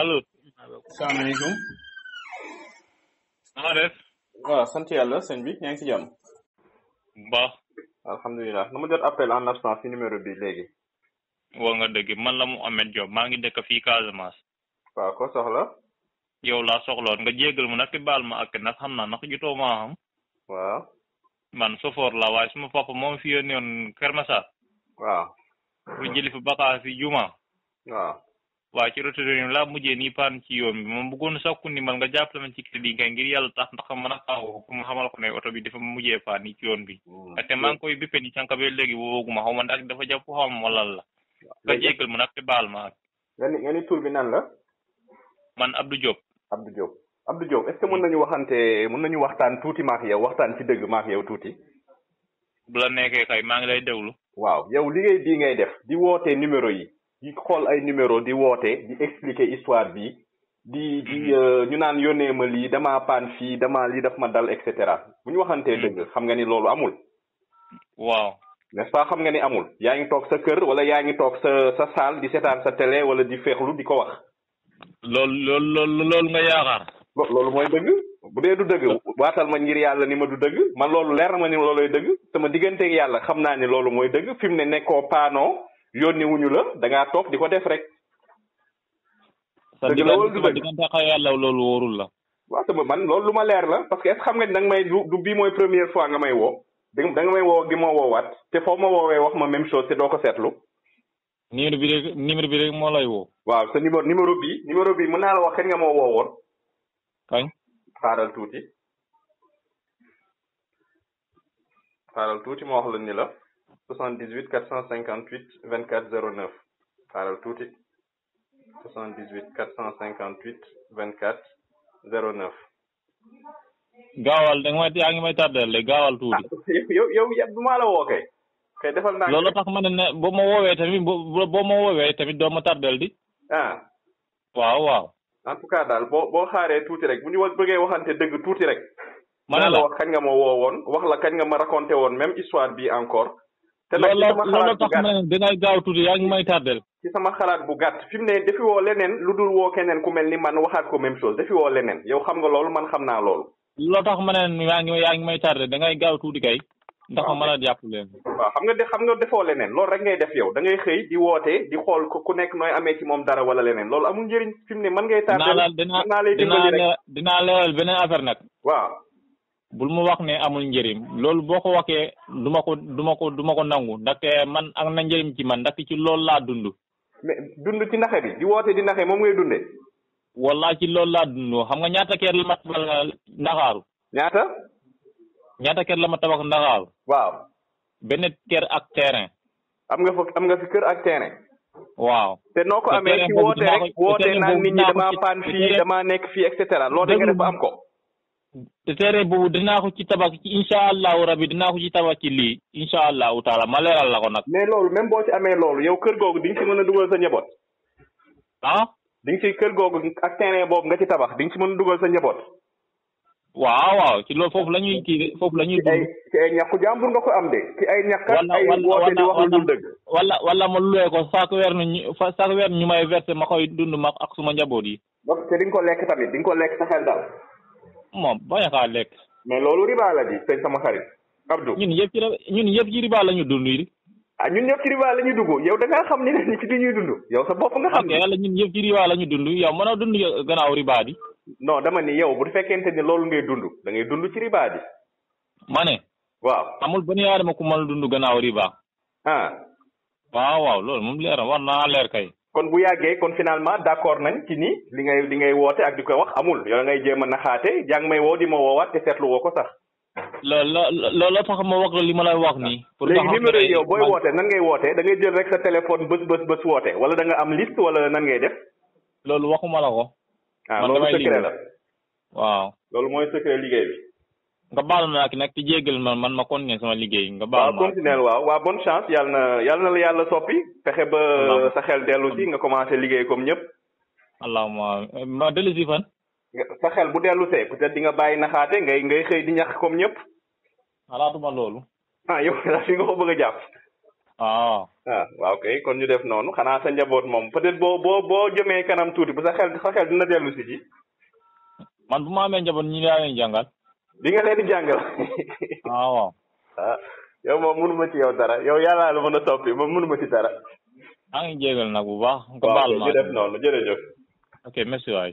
allo. salaamaaleykum. na nga def. waaw sant bi ñaa ngi ci jàmm. baax. na ma jot appel en absence ci numéro bi léegi. waa nga dëgg man la Mouhamed Diop maa ngi dëkk fii Casamance. waaw ko soxla. yow laa soxloon nga jégal ma nag baal ma ak nag xam naa nag jutoo maa xam. waaw. man sofoor la waaye suma papa moom fi yónni woon Kër waaw. bu jëli fi fi juma. waaw. waa ci rotation laa mujjee nii paan ci yoon bi moom bëggoon sakku ndimbal nga jàppale ma ci crédit nga ngir yàlla tax ndax mën a xaw pour ma xamal ko ne oto bi dafa mujjee paan nii ci yoon bi hmm. ndaxte maa sànq ba léegi wooguma xaw ma ndax dafa jàpp xaw ma lan la nga jéggal ma nag te baal ma ak nga ni nan la man Abdou Diop Abdou Diop Abdou Diop est-ce que mën nañu waxante mën nañu waxtaan tuuti maak yow waxtaan ci dëgg maak yow tuuti bu la nekkee kay maa ngi lay déglu waaw yow liggéey bii ngay def di wootee numéro yi di xool ay numéro di woote di expliquer histoire bi di di mhm. euh, ñu naan yónnee ma lii damaa paan fii damaa lii daf ma dal et cetera bu ñu waxante mhm. dëgg xam nga ni loolu amul. waaw n'est-ce pas xam nga ni amul. yaa ngi toog sa kër wala yaa ngi toog sa sa saal di seetaan sa télé wala di féexlu di ko wax. loolu loolu loolu loolu nga yaakaar. loolu mooy dëgg bu dee du dëgg waatal ma ngir yàlla ni ma du dëgg ma loolu leer na ma ni looloy dëgg sama digganteeg yàlla xam naa ni loolu mooy dëgg fi mu nekkoo paanoo. yónni wuñu la da ngaa toog di ko def rek. dëgg la wala diggante ak yàlla loolu wóorul la. waaw sama man loolu lu ma leer la parce que est xam nga da nga may du du bii mooy première fois nga may woo. da nga may woo gi ma woowaat te foo ma woowee wax ma même chose te doo ko seetlu. numéro bi rek numéro bi rek moo lay woo. waaw sa numéro numéro bi numéro bi mën naa la wax kañ nga ma woo woon. kañ. xaaral tuuti. xaaral tuuti ma wax la ni la. 78 458 24 09 xaaral tuuti 78 458 24 09. gaawal da nga may yaa ngi may tardel de gaawal tuuti. Ah, yow yow yow du maa la woo kay. defal naa loolu tax ma ne ne ma woowee tamit boo ma woowee tamit doo ma tardel di. ah. waaw waaw. en tout daal boo boo xaaree tuuti rek bu ñu bëggee waxante dëgg tuuti rek. ma ne la wax kañ nga ma wowoon wax la kañ nga ma raconté woon même histoire bi encore. te nag ci sama xalaat bu gàtt dangay gaaw tuuti yaa ngi may tardel ci sama xalaat bu gàtt fi ne dafi woo leneen lu dul woo keneen ku mel ni man waxaat ko même chose dafi woo leneen yow xam nga man xam naa loolu loo tax ma ne yaa ngi yaa ngi may tardel dangay gaaw tuuti kay ndax ma a jàpp leen waaw xam nga de xam nga defoo leneen loolu rek ngay def yow da xëy di woote di xool ku nekk nooy amee ci moom dara wala leneen loolu amul njëriñ fi mu ne man ngay tardel dinaa lay dimbali rek dinaa leeral beneen bul mu wax ne amul njëriñ loolu boo ko waxee du ma ko duma ko duma ko nangu ndaxte man am na njëriñ ci man ndaxte ci loolu laa dund. dund ci naxe bi di woote di naxe moom ngay dundee. walla ci loolu laa dund xam nga ñaata kër la ma tabax Ndakaaru. ñaata. ñaata kër la ma tabax Ndakaaru. waaw. benn kër ak terrain. am nga fa am nga fi kër ak terrain. waaw. te noo ko amee ci woote rek woote naan nit ñi damaa paan fii damaa nekk fii et cetera loolu da nga def am ko. téere boobu dinaa ko ci tabax ci incha allahu rabi dinaa ko ci tabax ci lii incha allahu taala ma leeral la ko nag. mais loolu même boo ci amee loolu yow kër googu di nga ci mën a dugal sa njaboot. ah. di ci kër googu ak terrain boobu nga ci tabax di nga ci mën a dugal sa njaboot. waaw waaw ci loolu foofu la ñuy kii foofu la ñuy. ci ay ci ay ñàkku jàmbur nga ko am de. ci ay ak wax lu wala wala ma luwee ko weer ñu fa saako weer ñu may versé ma koy dund ma ak ma njaboot yi. donc ko lekk tamit di ko lekk sa daal moom bañ a kaa lekk. mais loolu riba la di sëñ sama xarit. Abdou ñun yëpp ci ñun yëpp ci riba la ñu dund yi. ah ñun ñëpp ci riba la ñu dugg yow da ngaa xam ne ni ci li ñuy dund. yow sa bopp nga xam ne yàlla ñun yëpp ci riba la ñu dund yow mën a dund gannaaw riba di. non dama ni yow bu fekkente ni loolu ngay dund da ngay dund ci riba di. ma ne. waaw amul benn yaadama ku mën a dund gannaaw riba. ah. waaw waaw loolu moom leer na war naa leer kay. kon bu yàggee kon finalement d'accord nañ ci ni li ngay li ngay woote ak di ko wax amul yow ngay jéem a naxaate jàng may woo di ma woowaat te seetlu woo ko sax. loolu loolu tax ma wax li ma lay wax nii. pour léegi numéro yi yow booy woote nan ngay woote dangay jël rek sa téléphone bës bës bës woote wala da nga am liste wala nan ngay def. loolu waxuma la ko. ah loolu secret la. waaw loolu mooy secret liggéey bi. nga baal ma nag ci jéggal ma man ma continuer sama liggéey nga baal ma waaw continuer waaw waaw bonne chance yàlla na yàlla na la yàlla soppi pexe ba sa xel dellu si nga commencé liggéey comme ñëpp allahuma ma dellu si fan sa xel bu dellu see peut-être di nga bàyyi naxaate ngay ngay xëy di ñax comme ñëpp xalaatuma loolu ah yow daal fi nga ko bëgg a jàpp ah, ah waaw kon ñu def noonu xanaa sa njaboot moom peut-être boo boo boo jëmee kanam tuuti bu sa xel sa xel dina dellu si ji man bu ma amee njaboot ñi laa bi nga leen di jàngal. Ah, waaw. ah yow moom mënu ma ci yow dara yow yàlla la mën a soppi moom mënu ma ci dara. maa ngi jégal nag bu baax. nga ma def noonu jërëjëf.